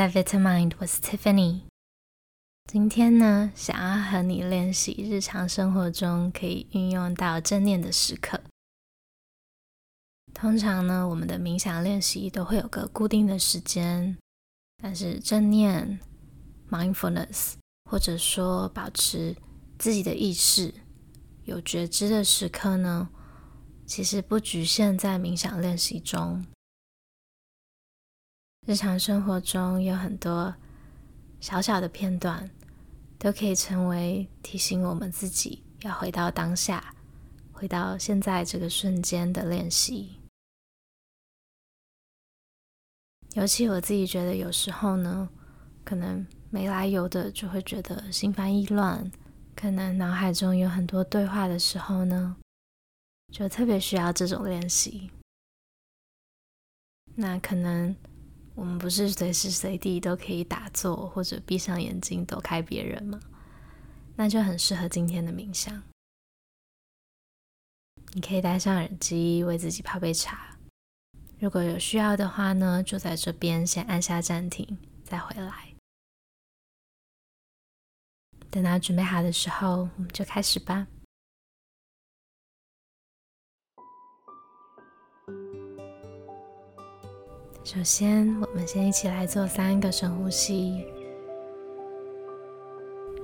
e Vitamin Mind，我是 Tiffany。今天呢，想要和你練習日常生活中可以運用到正念的時刻。通常呢，我們的冥想練習都會有個固定的時間，但是正念 （mindfulness） 或者說保持自己的意識、有覺知的時刻呢，其實不局限在冥想練習中。日常生活中有很多小小的片段，都可以成為提醒我們自己要回到當下，回到現在這個瞬間的練習。尤其我自己覺得，有時候呢，可能沒來由的就會覺得心煩意亂，可能腦海中有很多對話的時候呢，就特別需要這種練習。那可能。我們不是隨時隨地都可以打坐或者閉上眼睛躲開別人嗎？那就很適合今天的冥想。你可以戴上耳機，為自己泡杯茶。如果有需要的話呢，就在這邊先按下暫停，再回來。等到準備好的時候，我們就開始吧。首先，我們先一起來做三個深呼吸。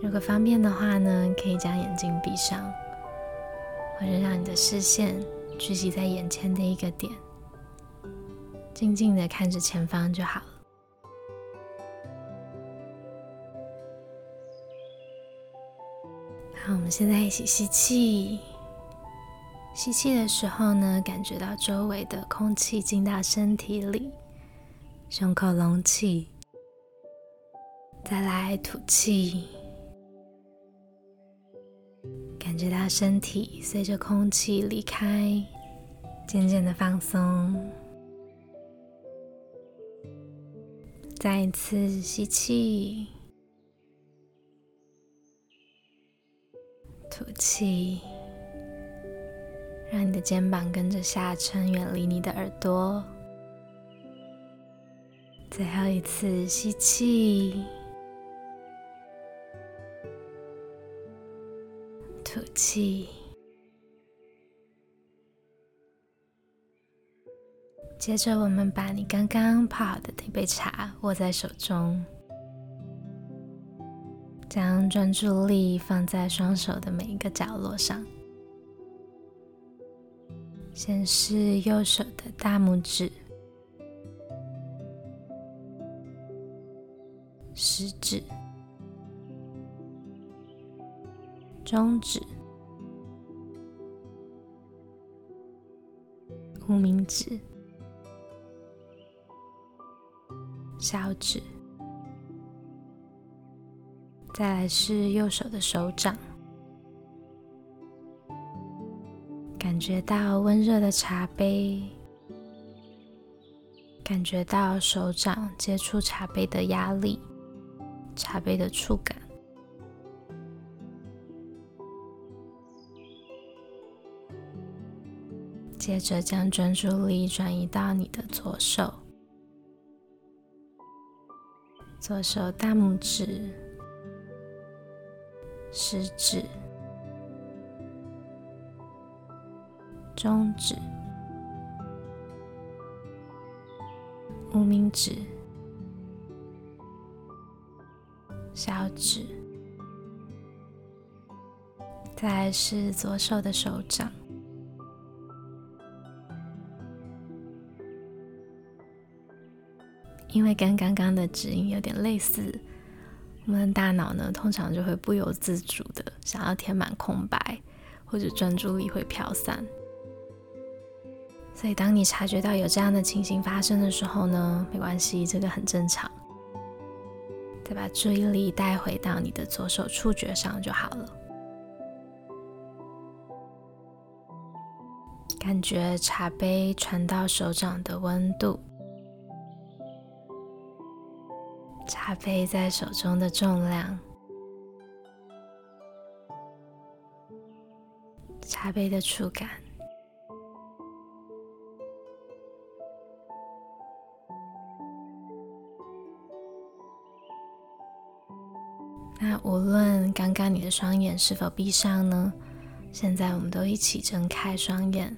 如果方便的話呢，可以將眼睛閉上，或者讓你的視線聚集在眼前的一個點，靜靜的看着前方就好。好，我們現在一起吸氣。吸氣的時候呢，感覺到周圍的空氣進到身體裡。胸口隆起，再來吐氣，感覺到身體隨着空氣離開，漸漸的放鬆。再一次吸氣，吐氣，讓你的肩膀跟着下沉，遠離你的耳朵。最後一次吸氣，吐氣。接着，我們把你剛剛泡好的那杯茶握在手中，將專注力放在雙手的每一個角落上。先是右手的大拇指。食指、中指、無名指、小指，再來是右手的手掌，感覺到溫熱的茶杯，感覺到手掌接觸茶杯的壓力。茶杯的觸感。接着將專注力轉移到你的左手，左手大拇指、食指、中指、無名指。小指，再來是左手的手掌，因為跟剛剛的指引有點類似，我們的大腦呢，通常就會不由自主的想要填滿空白，或者專注力會飄散。所以，當你察覺到有這樣的情形發生的時候呢，沒關係，這個很正常。再把注意力帶回到你的左手觸覺上就好了。感覺茶杯傳到手掌的溫度，茶杯在手中的重量，茶杯的觸感。雙眼是否閉上呢？現在我們都一起睜開雙眼，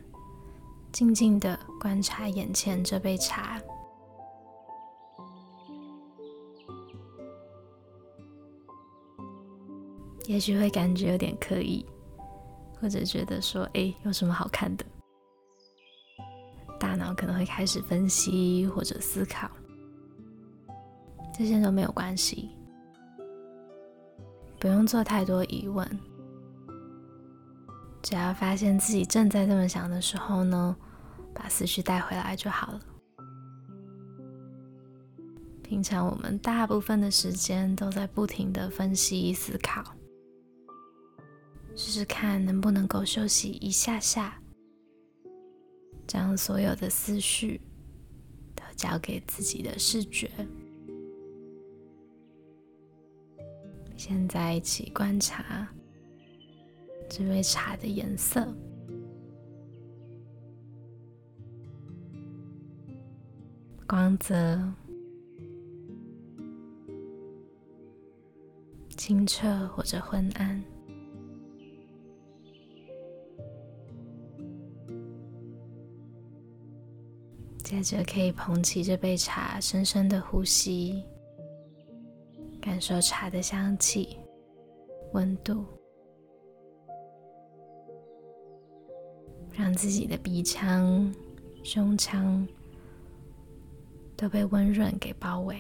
靜靜的觀察眼前這杯茶。也許會感覺有點刻意，或者覺得說，哎、欸，有什麼好看的？大腦可能會開始分析或者思考，這些都沒有關係。不用做太多疑問，只要發現自己正在這麼想的時候呢，把思緒帶回來就好了。平常我們大部分的時間都在不停的分析思考，試試看能不能夠休息一下下，將所有的思緒都交給自己的視覺。現在一起觀察這杯茶的顏色、光澤、清澈，或者昏暗。接着可以捧起這杯茶，深深的呼吸。感受茶的香氣、溫度，讓自己的鼻腔、胸腔都被溫潤給包圍。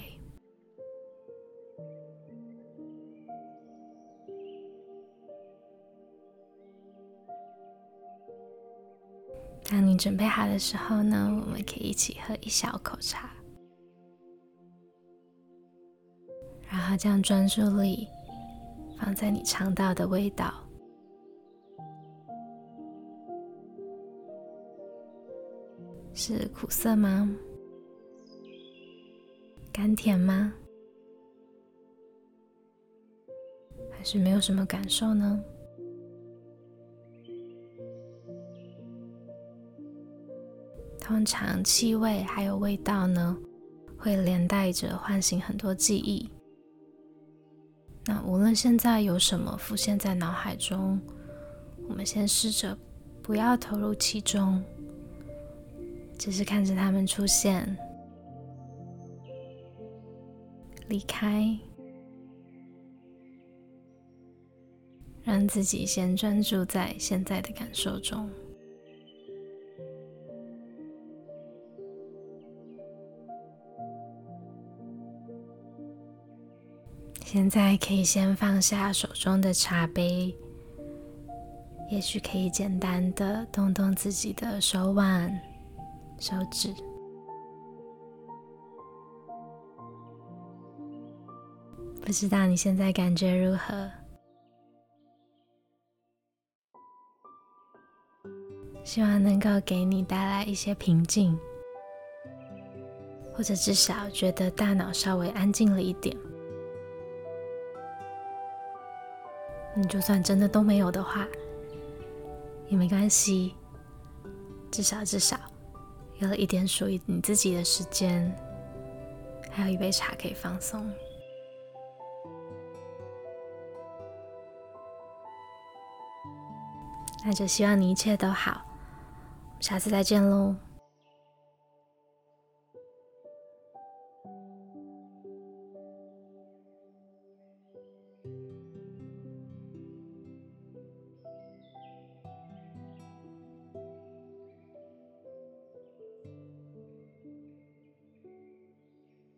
當你準備好的時候呢，我們可以一起喝一小口茶。然後將專注力放在你嘗到的味道，是苦澀嗎？甘甜嗎？還是沒有什麼感受呢？通常氣味還有味道呢，會連帶着喚醒很多記憶。那無論現在有什麼浮現在腦海中，我們先試着不要投入其中，只是看着他們出現、離開，讓自己先專注在現在的感受中。現在可以先放下手中的茶杯，也許可以簡單的動動自己的手腕、手指。不知道你現在感覺如何？希望能夠給你帶來一些平靜，或者至少覺得大腦稍微安靜了一點。你就算真的都沒有的話，也沒關係，至少至少有了一點屬於你自己的時間，還有一杯茶可以放鬆。那就希望你一切都好，下次再見嘍。